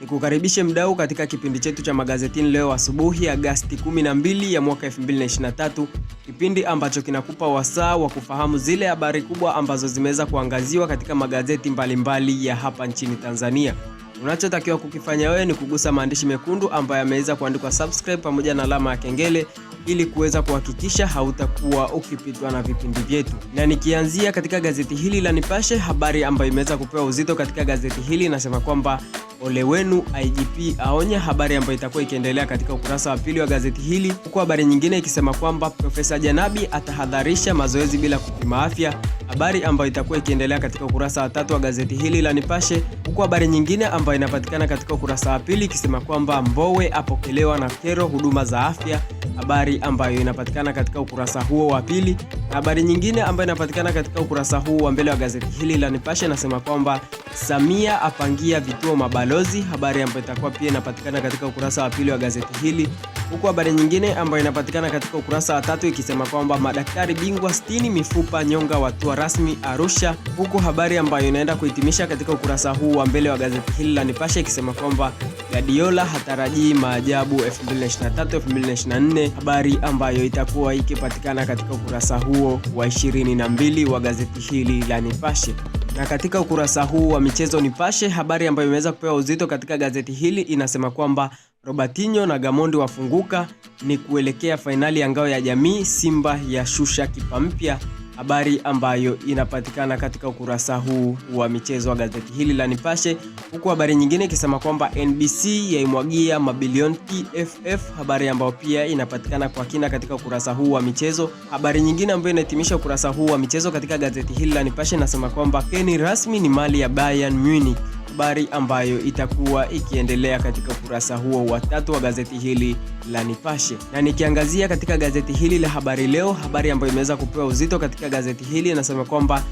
ni kukaribishe mdau katika kipindi chetu cha magazetini leo asubuhi Agasti 12 ya mwaka 2023, kipindi ambacho kinakupa wasaa wa kufahamu zile habari kubwa ambazo zimeweza kuangaziwa katika magazeti mbalimbali mbali ya hapa nchini Tanzania. Unachotakiwa kukifanya wewe ni kugusa maandishi mekundu ambayo yameweza kuandikwa subscribe pamoja na alama ya kengele ili kuweza kuhakikisha hautakuwa ukipitwa na vipindi vyetu. Na nikianzia katika gazeti hili la Nipashe, habari ambayo imeweza kupewa uzito katika gazeti hili inasema kwamba Ole wenu IGP aonya, habari ambayo itakuwa ikiendelea katika ukurasa wa pili wa gazeti hili, huku habari nyingine ikisema kwamba Profesa Janabi atahadharisha mazoezi bila kupima afya, habari ambayo itakuwa ikiendelea katika ukurasa wa tatu wa gazeti hili la Nipashe, huku habari nyingine ambayo inapatikana katika ukurasa wa pili ikisema kwamba Mbowe apokelewa na kero huduma za afya habari ambayo inapatikana katika ukurasa huo wa pili. habari nyingine ambayo inapatikana katika ukurasa huu wa mbele wa gazeti hili la Nipashe inasema kwamba Samia apangia vituo mabalozi, habari ambayo itakuwa pia inapatikana katika ukurasa wa pili wa gazeti hili, huku habari nyingine ambayo inapatikana katika ukurasa wa tatu ikisema kwamba madaktari bingwa 60 mifupa nyonga watua rasmi Arusha, huku habari ambayo inaenda kuhitimisha katika ukurasa huu wa mbele wa gazeti hili la Nipashe ikisema kwamba Guardiola hatarajii maajabu 2023 2024 nyingine, habari ambayo itakuwa ikipatikana katika ukurasa huo wa 22 wa gazeti hili la Nipashe. Na katika ukurasa huu wa michezo Nipashe, habari ambayo imeweza kupewa uzito katika gazeti hili inasema kwamba Robertinho na Gamondi wafunguka, ni kuelekea fainali ya ngao ya jamii, Simba ya shusha kipa mpya habari ambayo inapatikana katika ukurasa huu wa michezo wa gazeti hili la Nipashe, huku habari nyingine ikisema kwamba NBC yaimwagia mabilioni TFF, habari ambayo pia inapatikana kwa kina katika ukurasa huu wa michezo. Habari nyingine ambayo inahitimisha ukurasa huu wa michezo katika gazeti hili la Nipashe inasema kwamba Kane rasmi ni mali ya Bayern Munich habari ambayo itakuwa ikiendelea katika ukurasa huo wa tatu wa gazeti hili la Nipashe. Na nikiangazia katika gazeti hili la Habari Leo, habari ambayo imeweza kupewa uzito katika gazeti hili inasema kwamba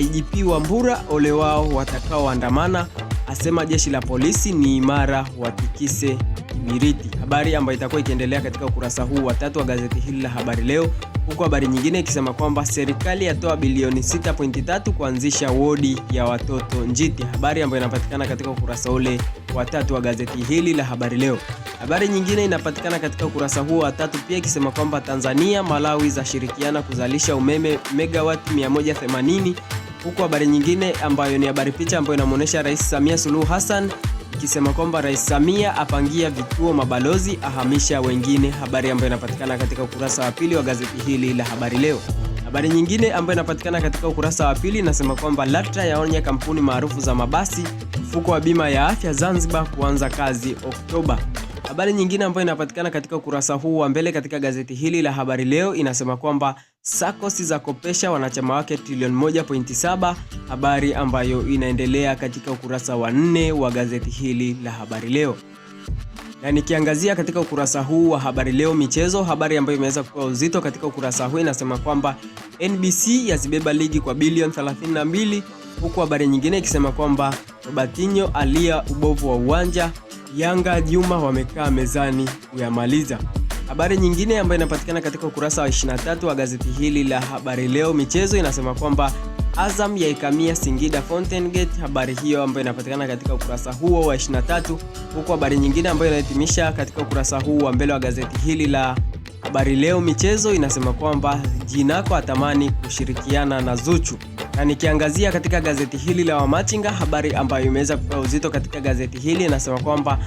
IGP Wambura ole wao watakaoandamana, asema jeshi la polisi ni imara, watikise Kibiriti. Habari ambayo itakuwa ikiendelea katika ukurasa huu wa tatu wa gazeti hili la Habari Leo huku habari nyingine ikisema kwamba serikali yatoa bilioni 6.3 kuanzisha wodi ya watoto njiti, habari ambayo inapatikana katika ukurasa ule wa tatu wa gazeti hili la Habari Leo. Habari nyingine inapatikana katika ukurasa huo wa tatu pia ikisema kwamba Tanzania, Malawi zashirikiana kuzalisha umeme megawatt 180 huku habari nyingine ambayo ni habari picha ambayo inamuonyesha Rais Samia Suluhu Hassan ikisema kwamba Rais Samia apangia vituo mabalozi ahamisha wengine, habari ambayo inapatikana katika ukurasa wa pili wa gazeti hili la Habari Leo. Habari nyingine ambayo inapatikana katika ukurasa wa pili inasema kwamba LATRA yaonya kampuni maarufu za mabasi. Mfuko wa bima ya afya Zanzibar kuanza kazi Oktoba. Habari nyingine ambayo inapatikana katika ukurasa huu wa mbele katika gazeti hili la Habari Leo inasema kwamba SACCOS za kopesha wanachama wake trilioni 1.7, habari ambayo inaendelea katika ukurasa wa nne wa gazeti hili la Habari Leo. Na nikiangazia katika ukurasa huu wa Habari Leo michezo, habari ambayo imeweza kupewa uzito katika ukurasa huu inasema kwamba NBC yazibeba ligi kwa bilioni 32, huku habari nyingine ikisema kwamba Robertinho alia ubovu wa uwanja Yanga Juma wamekaa mezani kuyamaliza. Habari nyingine ambayo inapatikana katika ukurasa wa 23 wa gazeti hili la Habari Leo michezo inasema kwamba Azam yaikamia Singida Fountain Gate. Habari hiyo ambayo inapatikana katika ukurasa huo wa 23, huku habari nyingine ambayo inahitimisha katika ukurasa huu wa mbele wa gazeti hili la Habari Leo michezo inasema kwamba Jinako atamani kushirikiana na Zuchu na nikiangazia katika gazeti hili la Wamachinga, habari ambayo imeweza kupewa uzito katika gazeti hili inasema kwamba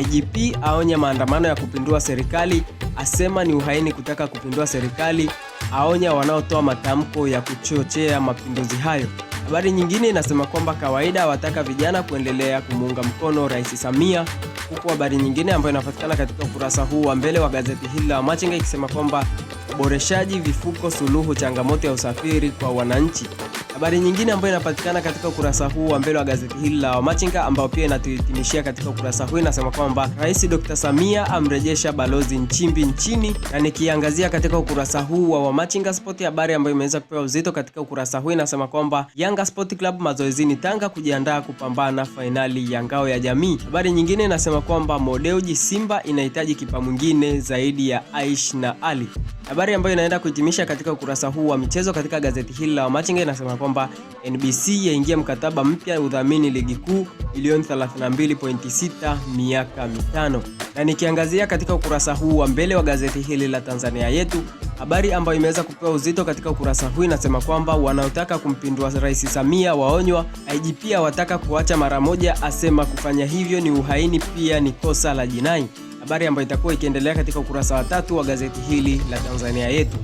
IGP aonya maandamano ya kupindua serikali, asema ni uhaini kutaka kupindua serikali, aonya wanaotoa matamko ya kuchochea mapinduzi hayo. Habari nyingine inasema kwamba kawaida wataka vijana kuendelea kumuunga mkono Rais Samia, huku habari nyingine ambayo inapatikana katika ukurasa huu wa mbele wa gazeti hili la Wamachinga ikisema kwamba uboreshaji vifuko suluhu changamoto ya usafiri kwa wananchi. Habari nyingine ambayo inapatikana katika ukurasa huu wa mbele wa gazeti hili la Wamachinga ambao pia inatuhitimishia katika ukurasa huu inasema kwamba Rais Dr. Samia amrejesha Balozi Nchimbi nchini, na nikiangazia katika ukurasa huu wa Wamachinga Sport, habari ambayo imeweza kupewa uzito katika ukurasa huu inasema kwamba Yanga Sport Club mazoezini Tanga kujiandaa kupambana fainali ya ngao ya jamii. Habari nyingine inasema kwamba Modeuji Simba inahitaji kipa mwingine zaidi ya Aish na Ali, habari ambayo inaenda kuhitimisha katika ukurasa huu wa michezo katika gazeti hili la Wamachinga inasema kwamba NBC yaingia mkataba mpya udhamini ligi kuu milioni 32.6 miaka mitano. Na nikiangazia katika ukurasa huu wa mbele wa gazeti hili la Tanzania Yetu, habari ambayo imeweza kupewa uzito katika ukurasa huu inasema kwamba wanaotaka kumpindua Rais Samia waonywa, IGP awataka kuacha mara moja, asema kufanya hivyo ni uhaini, pia ni kosa la jinai, habari ambayo itakuwa ikiendelea katika ukurasa wa tatu wa gazeti hili la Tanzania Yetu.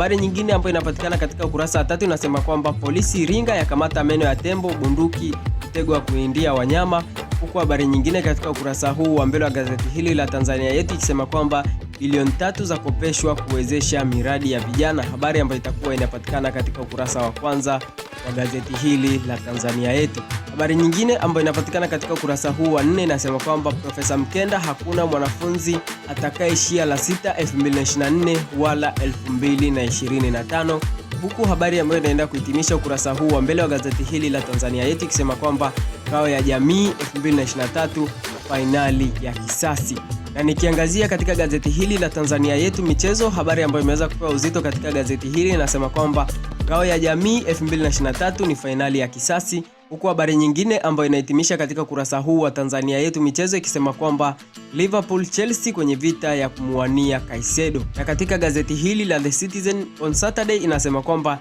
Habari nyingine ambayo inapatikana katika ukurasa wa tatu inasema kwamba polisi Iringa yakamata meno ya tembo, bunduki, mtego wa kuindia wanyama, huku habari nyingine katika ukurasa huu wa mbele wa gazeti hili la Tanzania Yetu ikisema kwamba bilioni tatu za kopeshwa kuwezesha miradi ya vijana, habari ambayo itakuwa inapatikana katika ukurasa wa kwanza wa gazeti hili la Tanzania Yetu. Habari nyingine ambayo inapatikana katika ukurasa huu wa nne inasema kwamba Profesa Mkenda, hakuna mwanafunzi atakayeishia la sita 2024 wala 2025 huku habari ambayo inaenda kuhitimisha ukurasa huu wa mbele wa gazeti hili la Tanzania Yetu ikisema kwamba kao ya jamii 2023 fainali ya kisasi na nikiangazia katika gazeti hili la Tanzania Yetu Michezo, habari ambayo imeweza kupewa uzito katika gazeti hili inasema kwamba ngao ya jamii 2023 ni fainali ya kisasi, huku habari nyingine ambayo inahitimisha katika kurasa huu wa Tanzania Yetu Michezo ikisema kwamba Liverpool Chelsea kwenye vita ya kumuania Caicedo. Na katika gazeti hili la The Citizen on Saturday inasema kwamba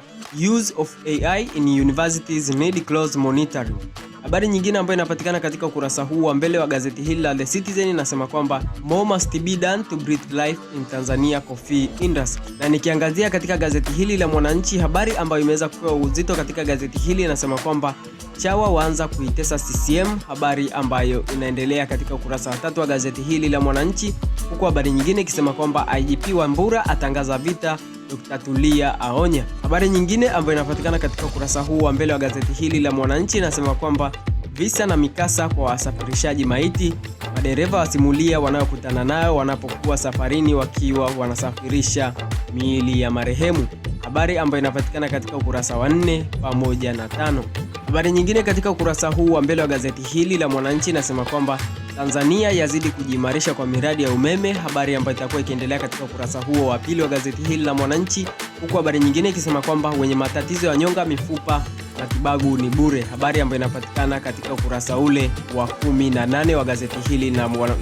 use of AI in universities need close monitoring. Habari nyingine ambayo inapatikana katika ukurasa huu wa mbele wa gazeti hili la The Citizen inasema kwamba more must be done to breathe life in Tanzania coffee industry. Na nikiangazia katika gazeti hili la Mwananchi, habari ambayo imeweza kupewa uzito katika gazeti hili inasema kwamba chawa waanza kuitesa CCM, habari ambayo inaendelea katika ukurasa wa tatu wa gazeti hili la Mwananchi, huku habari nyingine ikisema kwamba IGP Wambura atangaza vita Dr. Tulia aonya. Habari nyingine ambayo inapatikana katika ukurasa huu wa mbele wa gazeti hili la Mwananchi inasema kwamba visa na mikasa kwa wasafirishaji maiti, madereva wasimulia wanayokutana nayo wanapokuwa safarini wakiwa wanasafirisha miili ya marehemu, habari ambayo inapatikana katika ukurasa wa nne pamoja na tano. Habari nyingine katika ukurasa huu wa mbele wa gazeti hili la Mwananchi inasema kwamba Tanzania yazidi kujiimarisha kwa miradi ya umeme, habari ambayo itakuwa ikiendelea katika ukurasa huo wa pili wa gazeti hili la Mwananchi, huku habari nyingine ikisema kwamba wenye matatizo ya nyonga, mifupa, matibabu ni bure, habari ambayo inapatikana katika ukurasa ule wa 18 wa gazeti hili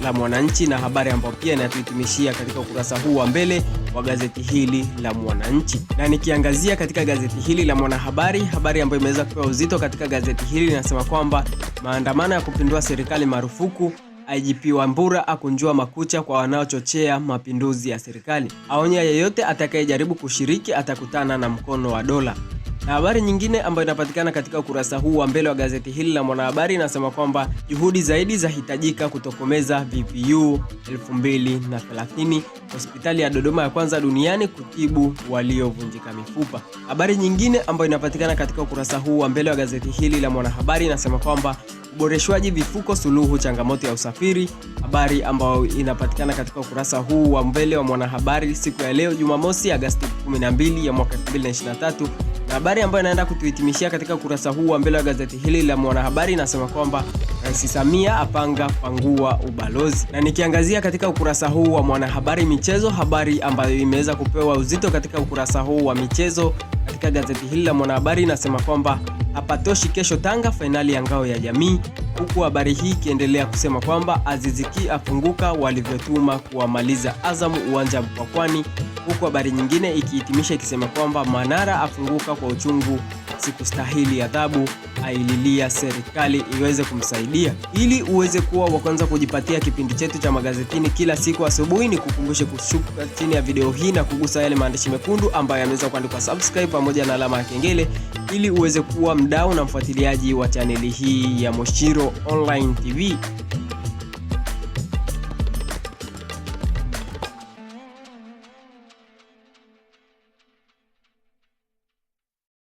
la Mwananchi, na habari ambayo pia inatuhitimishia katika ukurasa huu wa mbele wa gazeti hili la Mwananchi. Na nikiangazia katika gazeti hili la Mwanahabari, habari ambayo imeweza kupewa uzito katika gazeti hili inasema kwamba maandamano ya kupindua serikali marufuku IGP Wambura akunjua makucha kwa wanaochochea mapinduzi ya serikali, aonya yeyote atakayejaribu kushiriki atakutana na mkono wa dola. Na habari nyingine ambayo inapatikana katika ukurasa huu wa mbele wa gazeti hili la Mwanahabari inasema kwamba juhudi zaidi zahitajika kutokomeza VPU 2030, hospitali ya Dodoma ya kwanza duniani kutibu waliovunjika mifupa. Habari nyingine ambayo inapatikana katika ukurasa huu wa mbele wa gazeti hili la Mwanahabari inasema kwamba uboreshwaji vifuko suluhu changamoto ya usafiri, habari ambayo inapatikana katika ukurasa huu wa mbele wa Mwanahabari siku ya leo Jumamosi Agosti 12 ya mwaka 2023. Na habari ambayo inaenda kutuhitimishia katika ukurasa huu wa mbele wa gazeti hili la Mwanahabari inasema kwamba Rais Samia apanga pangua ubalozi. Na nikiangazia katika ukurasa huu wa Mwanahabari michezo, habari ambayo imeweza kupewa uzito katika ukurasa huu wa michezo katika gazeti hili la Mwanahabari inasema kwamba hapatoshi, kesho Tanga fainali ya ngao ya jamii, huku habari hii ikiendelea kusema kwamba Aziziki afunguka walivyotuma kuwamaliza Azamu uwanja wa Pwani huku habari nyingine ikihitimisha ikisema kwamba Manara afunguka kwa uchungu, sikustahili adhabu, aililia serikali iweze kumsaidia. Ili uweze kuwa wa kwanza kujipatia kipindi chetu cha magazetini kila siku asubuhi, ni kukumbushe kushuka chini ya video hii na kugusa yale maandishi mekundu ambayo yameweza kuandikwa subscribe pamoja na alama ya kengele, ili uweze kuwa mdau na mfuatiliaji wa chaneli hii ya Moshiro Online TV.